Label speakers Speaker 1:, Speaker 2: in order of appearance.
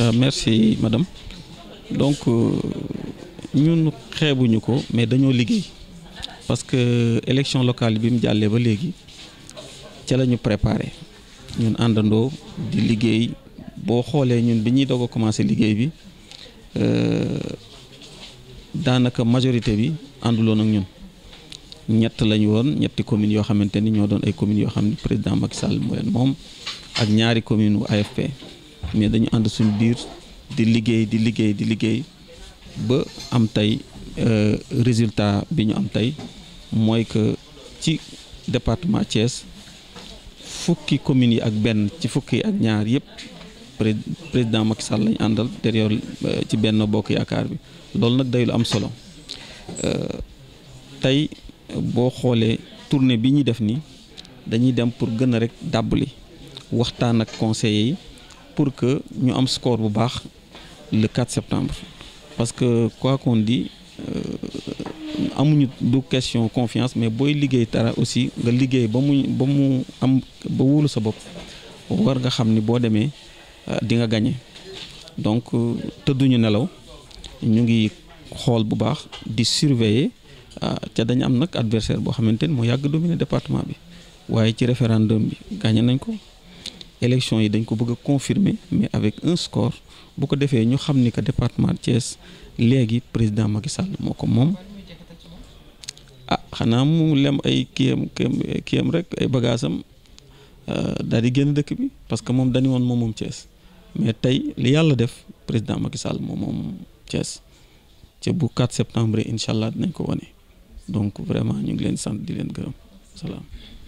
Speaker 1: Euh, merci madame donc euh, ñun xeebuñu ko mais dañoo liggéey parce que élection locale bi mu jàllee ba léegi ca la ñu préparé ñun àndandoo di liggéey boo xoolee ñun bi ñuy doog a commencé liggéey bi euh, daanaka majorité bi ànduloon ak ñun ñett lañu woon ñetti communes yoo xamante ni ñoo doon ay communes yoo xam ni président Macky Sall moo moom ak ñaari commune u AFP mais dañu ànd suñ biir di liggéey di liggéey di liggéey ba am tey euh, résultat bi ñu am tey mooy que ci département Thiès fukki communes yi ak benn ci fukki ak ñaar yëpp président Macky Sall lañu àndal derrière euh, ci benn bokk yaakaar bi loolu nag day lu am solo euh, tey boo xoolee tournée bi ñuy def nii dañuy dem pour gën a rek dàbbali waxtaan ak conseillers yi pour que ñu am score bu baax le quatre septembre parce que quoi di dit euh, amuñu du question confiance mais booy liggéey dara aussi nga liggéey ba mu ba mu am ba wóolu sa bopp war nga xam ni boo demee euh, di nga gañe donc euh, tëdduñu nelaw ñu ngi xool bu baax di surveiller ca dañu am nag adversaire boo xamante ni moo yàgg dominer département bi waaye ci référendum bi gagné nañ ko élection yi dañ ko bëgg a confirmer mais avec un score bu ko defee ñu xam ni que département Thiès léegi président Macky Sall moo ko moom ah xanaa mu lem ay kiyam kiyam kiyam rek ay bagaasam euh, daal di génn dëkk bi parce que moom dañu woon moom moom Thiès mais tey li yàlla def président Macky Sall moom moom Thiès ca bu 4 septembre incha allah dinañ ko wane donc vraiment ñu ngi leen sant di leen gërëm